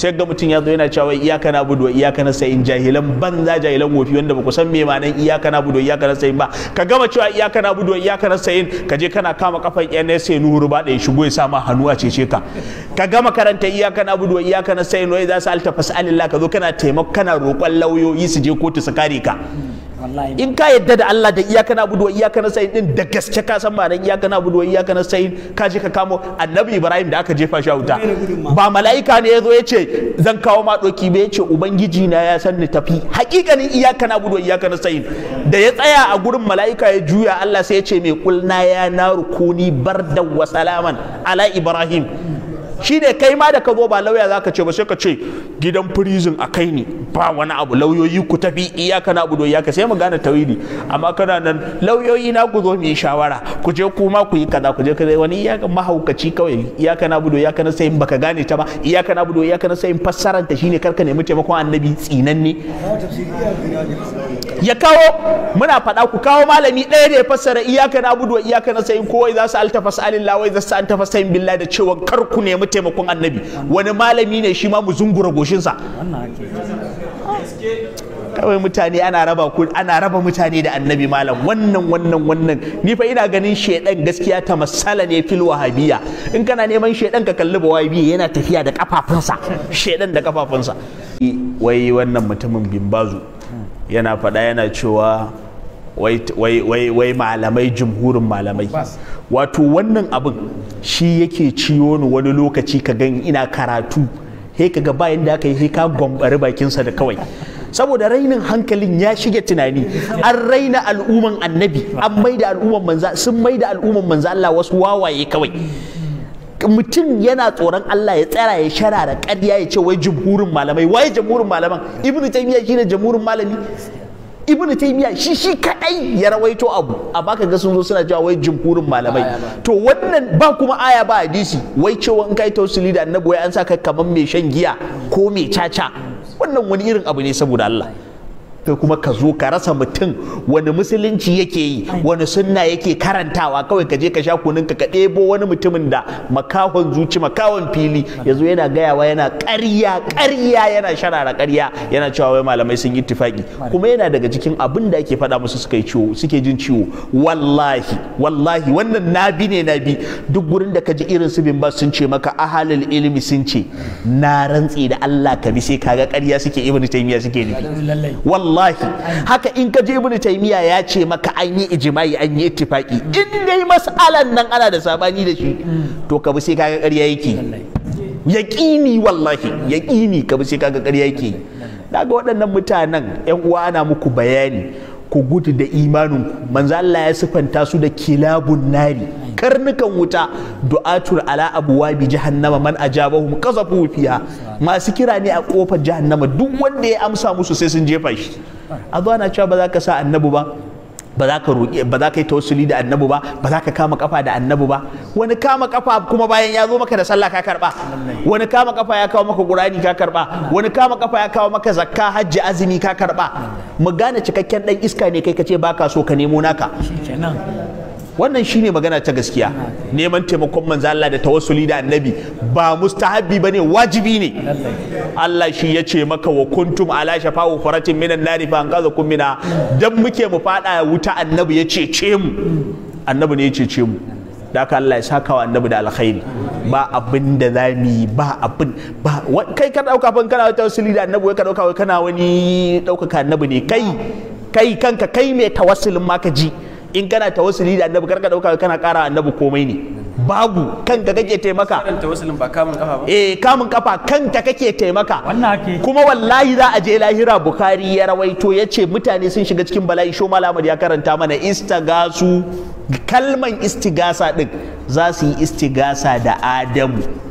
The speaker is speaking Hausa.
sai ga mutum ya zo yana cewa iyaka na budu iyaka na sayin jahilan banza jahilan wofi wanda ba ku san me ma'anar iyaka na budu iyaka na sayin ba ka gama cewa iyaka na budu iyaka na sayin ka je kana kama kafan yan sai nuhuru ba da ya shigo ya sama hannu a cece ka ka gama karanta iyaka na budu iyaka na sayin wai za su alta fasalillah ka zo kana taimako kana roƙon lauyoyi su je kotu su kare ka in ka yadda da Allah da iyaka na budu iyaka na sayin din da gaske ka san da iyaka na budu iyaka na sayin ka je ka kamo annabi Ibrahim da aka jefa shi wuta ba mala'ika ne ya zo ya zan kawo ma doki ba yace ubangiji na ya san ni tafi hakikanin iyaka na budu iyaka na sayin da ya tsaya a gurin mala'ika ya juya Allah sai ya ce mai kulna ya naru kuni bardan wa salaman ala Ibrahim shi ne kai ma da ka zo ba lauya za ka ce ba sai ka ce gidan prison a kai ne ba wani abu lauyoyi ku tafi iyaka na abu iyaka sai mu gane tawili amma kana nan lauyoyi na ku zo mu yi shawara ku je kuma ku yi kaza ku je kaza wani iyaka mahaukaci kawai iyaka na abu iyaka na sayin baka gane ta ba iyaka na abu iyaka na sayin fassarar ta shine karka nemi taimakon annabi tsinanne ya kawo muna faɗa ku kawo malami ɗaya da ya fassara iyaka na abu iyaka na sayin kowai za su altafa sa'alin lawai za su altafa sayin billahi da cewa kar ku nemi taimakon annabi wani malami ne shi ma mu zungura goshinsa kawai mutane ana raba ku ana raba mutane da annabi malam wannan wannan wannan ni fa ina ganin shedan gaskiya ta masala ne fil wahabiya in kana neman shedan ka kalli wahabiya yana tafiya da kafafunsa shedan da kafafunsa wai wannan mutumin bimbazu yana fada yana cewa wai malamai jumhurin malamai wato wannan abin shi yake ciyo ni wani lokaci ka gan ina karatu he ka ga bayan da aka yi ka gwambari bakinsa da kawai saboda rainin hankalin ya shiga tunani an raina al'umman annabi an maida al'umman manza sun maida al'umman manza Allah wasu wawaye kawai mutum yana tsoron Allah ya tsara ya shara da ƙarya ya ce wai jumhurin malamai wai jumhurin malaman ibnu taymiya shine jumhurin malami ibnu taymiya shi shi kadai ya rawaito abu amma kaga sun zo suna cewa wai jumhurin malamai to wannan ba kuma aya ba hadisi wai cewa in kai tausili da annabi wai an saka kamar mai shan giya ko mai caca wannan wani irin abu ne saboda Allah kai kuma ka zo ka rasa mutum wani musulunci yake yi wani sunna yake karantawa kawai ka je ka sha kunun ka ɗebo wani mutumin da makahon zuci makahon fili ya zo yana gayawa yana ƙarya ƙarya yana sharara ƙarya yana cewa wai malamai sun yi tufaƙi kuma yana daga cikin abin da ake faɗa musu suka yi ciwo suke jin ciwo wallahi wallahi wannan nabi ne nabi duk gurin da ka ji irin su bimba sun ce maka ahalul ilimi sun ce na rantse da Allah ka bi sai kaga ƙarya suke ibnu taymiya suke nufi wallahi wallahi haka in ka je ibnu taymiya ya ce maka an yi ijma'i an yi ittifaqi in dai mas'alan nan ana da sabani da shi to ka bi sai kaga ƙarya yake yaqini wallahi yaqini ka bi sai kaga ƙarya yake daga waɗannan mutanen yan uwa ana muku bayani ku gudu da imanin ku manzo Allah ya sifanta su da kilabun nari karnukan wuta du'atul ala abwabi jahannama man ajabahum qazafu fiha masu kira ne a kofar jahannama duk wanda ya amsa musu sai sun jefa shi azana cewa ba za ka sa annabu ba ba za ka roƙi ba za ka yi tawassuli da annabi ba ba za ka kama kafa da annabi ba wani kama kafa kuma bayan ya zo maka da sallah ka karba wani kama kafa ya kawo maka qur'ani ka karba wani kama kafa ya kawo maka zakka hajji azumi ka karba mu gane cikakken dan iska ne kai ka ce baka so ka nemo naka wannan shine magana ta gaskiya neman taimakon manzo Allah da tawassuli da annabi ba mustahabi bane wajibi ne Allah shi ya ce maka wa kuntum ala wa faratin minan nari fa anqazakum mina dan muke mu fada wuta annabi ya ce mu annabi ne ya ce mu da haka Allah ya saka wa annabi da alkhairi ba abin da za mu yi ba abin ba kai ka dauka fa kana tawassuli da annabi ka dauka kana wani daukaka annabi ne kai kai kanka kai mai tawassulin ma ka ji in kana tawassuli da annabi karka dauka kana kara annabi komai ne babu kanka kake taimaka tawassulin kamun kafa ba eh kamun kanka kake taimaka wannan ake kuma wallahi za a je lahira bukhari ya rawaito yace mutane sun shiga cikin bala'i sho malamar ya karanta mana istigasu kalman istigasa din za su yi istigasa da adamu